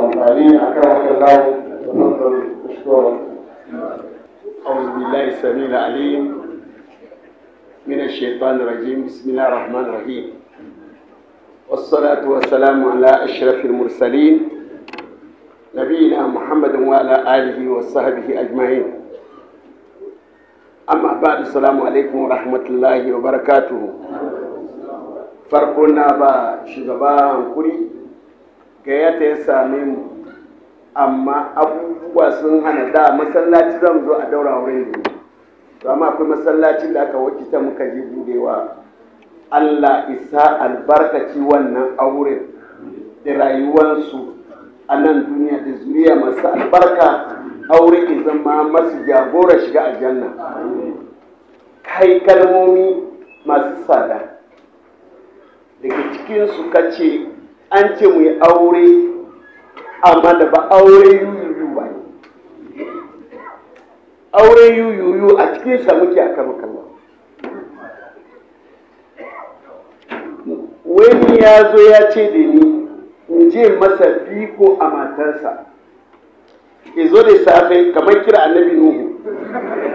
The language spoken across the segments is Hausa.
أمثالين أكرمك الله تفضل مشكورا أعوذ بالله السميع العليم من الشيطان الرجيم بسم الله الرحمن الرحيم والصلاة والسلام على أشرف المرسلين نبينا محمد وعلى آله وصحبه أجمعين أما بعد السلام عليكم ورحمة الله وبركاته farko na ba shugaba hankuri gayyata ya same mu amma abubuwa sun hana da masallaci zan zo a daura wurin da to amma akwai masallaci da aka ta muka ji budewa Allah isa albarkaci wannan aure. da rayuwarsu a nan duniya da zuriya masu albarka aure zama masu jagora shiga aljanna kai kalmomi masu tsada daga cikinsu ka ce. an ce mu yi aure amma da ba aure yuyuyu ba ne aure yuyuyu a cikin sa muke a kama kallon wani ya zo ya ce da ni in je masa biko a matarsa ya zo da safe kamar kira annabi nuhu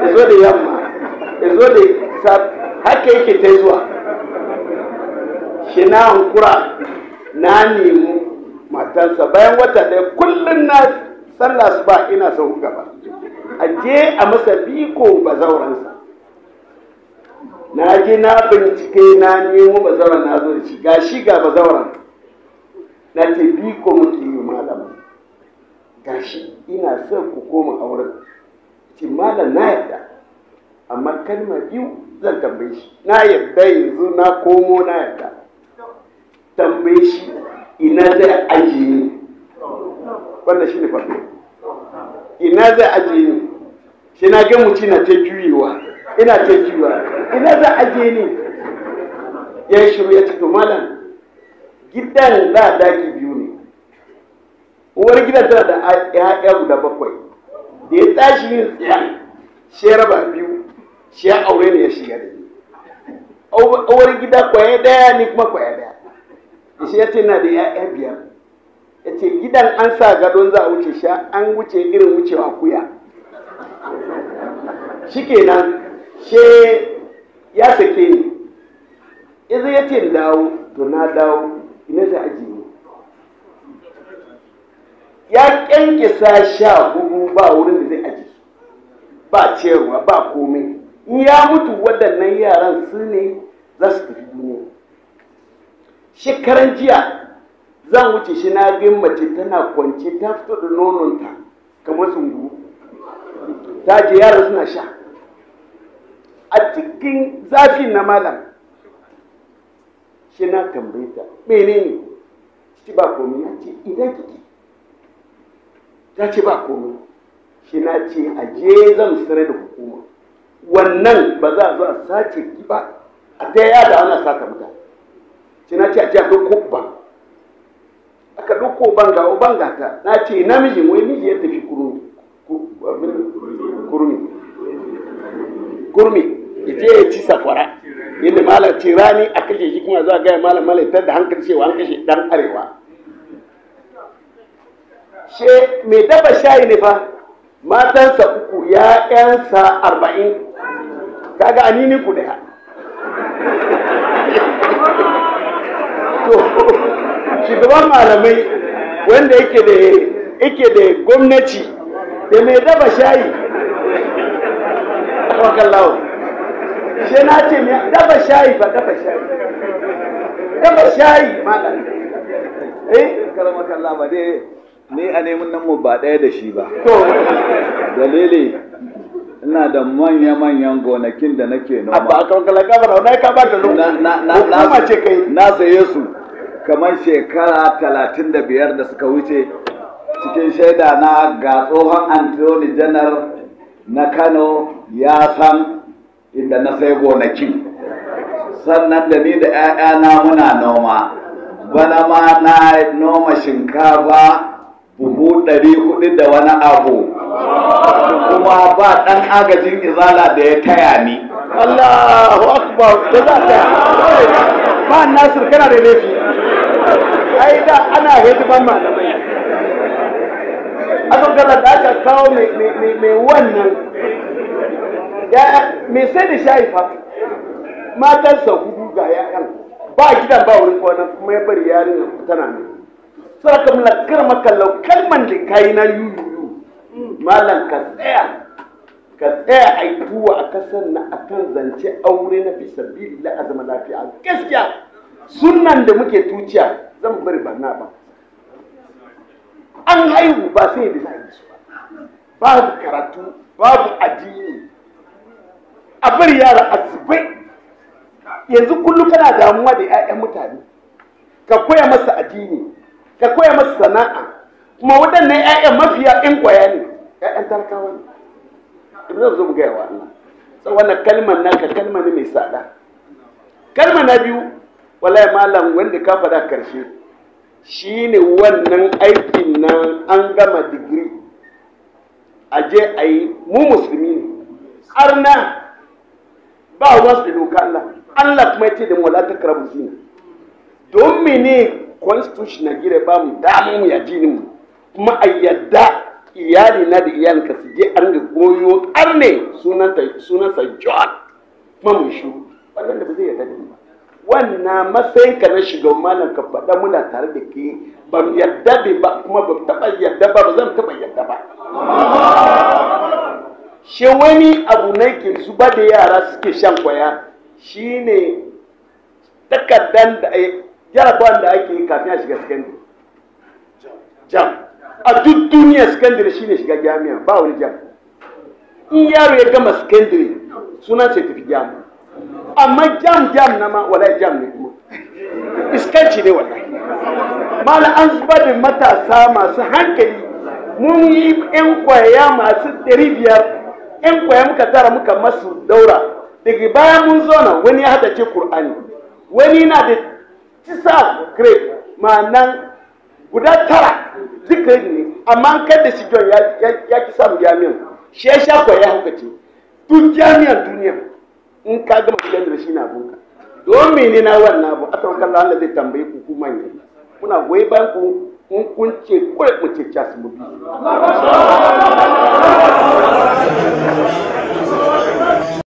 ya zo da yamma ya zo da safe haka yake ta zuwa shi na hankura na nemi matansa, bayan wata ɗaya kullum na sallah su ba ina son gaba a je a masa biko bazauransa na je na bincike na nemo bazauran na zo shi ga shi ga bazauran na ce biko muke yi malam ga shi ina son ku koma a wurin ce malam na yarda amma kalmar biyu zan tambaye shi na yadda yanzu na komo na yarda tambaye shi ina zai ajiye ni wanda shi ne farko ina zai ajiye ni shi na ga mutum na ta juyewa ina ta juyewa ina zai ajiye ni ya shiru ya ce to malam gidan da daki biyu ne uwar gidan tana da ya'ya guda bakwai da ya tashi yin 'ya, shi ya raba biyu shi ya aure ne ya shiga da ni uwar gida kwaya daya ni kuma kwaya daya shi ya ce na da ya'ya biyar ya ce gidan an sa gadon za a wuce sha an wuce irin wucewa kuya shi kenan she ya sake ni ya ce dawo to na dawo ina za a jini ya kyankisa sha gugu ba wurin da zai aji ba ciyarwa ba komai in ya mutu waɗannan yaran su ne za su tafi duniya shekaran jiya zan wuce shi na bin mace tana kwance ta fito da nononta kamar zungu ta je yara suna sha a cikin zafi na malam shi na tambaye ta menene shi ba komai ya ce idan kike ta ce ba komai shi na ce a je zan sare da hukuma wannan ba za a zo a sace ki ba a ta yada ana sata mutane ce na ce a ce a ɗauko uban aka ɗauko uban ga uban ga ta na ce namijin wai miji ya tafi kurmi kurmi kurmi ya je ya ci safara yadda malar ce rani a kashe shi kuma a gaya malar malar ta da hankali cewa an kashe dan arewa she mai daba shayi ne fa matansa uku yansa arba'in kaga anini ku daya shugaban malamai wanda yake da yake da gwamnati da mai daba shayi wakallawo shi na ce mai daba shayi ba daba shayi daba shayi malamai eh karamakalla ba dai ne a neman nan mu ba ɗaya da shi ba to dalili ina da manya-manyan gonakin da nake noma abba aka wakala gabar wani ka ba na na ce kai na saye su kamar shekara talatin da biyar da suka wuce cikin shaida na ga tsohon antoni janar na kano ya san inda na sai gonakin sannan da ni da 'ya'yana muna noma bana ma na noma shinkafa buhu ɗari hudu da wani abu kuma ba ɗan agajin izala da ya taya ni Allahu akbar da za ta ba nasir kana da laifi ai da ana ban malamai aka gala da aka kawo mai wannan Ya Me sai da shayi fa sa hudu ga yayan ba gidan ba wani kwana kuma ya bari yarin tana ne sai aka mulakar maka kalman da kayi na yuyu malam ka tsaya ka tsaya a yi tuwa a kasar na akan zance aure na fi sabi la zama lafiya gaskiya sunan da muke tuciya zan bari ba na ba an haihu ba sai da zai su ba babu karatu babu addini a bar yara a yanzu kullum kana damuwa da 'ya'yan mutane ka koya masa addini ka koya masa sana'a kuma waɗannan 'ya'yan mafiya 'yan kwaya ne yayan talakawa ne ibn zo mu gaya wa Allah sai wannan kalmar naka kalma ne mai tsada kalma na biyu wallahi malam wanda ka fada karshe shine wannan aikin nan an gama digiri a je a yi mu musulmi ne arna ba ruwan su da doka Allah Allah kuma ya da mu wala takrabu zina don mene constitution na gire ba mu damu mu yaji jini mu kuma a yadda iyali na da iyali ka su je an ga goyo arne sunansa john kuma mun shuru wannan da ba zai yarda da ba wannan matsayin ka na shiga malam ka faɗa muna tare da ke ban yarda da ba kuma ba taɓa yarda ba ba zan taɓa yarda ba shi wani abu ne ke zuba da yara suke shan kwaya shine takardar da jarabawan da ake yi kafin a shiga sakandare jam a duk duniya shi ne shiga jami'a ba wani jam in yaro ya gama secondary suna sai tafi jami'a amma jam jam na ma wala jam ne kuma iskanci ne wallahi mala an zubar da matasa masu hankali mun yi yan kwaya masu ɗari biyar yan kwaya muka tara muka masu daura daga baya mun na wani ya hadace kur'ani wani na da tisa grade ma'anan guda tara duka yi ne amma an kada shi john ya ki samu jami'an shi ya sha kwaya hukaci duk jami'an duniya in ka gama gidan da shi na boka don mene na wannan abu a tawakar Allah zai tambaye ku kuma ne kuna goyi bayan ku in kun ce kawai mu ce cas mu bi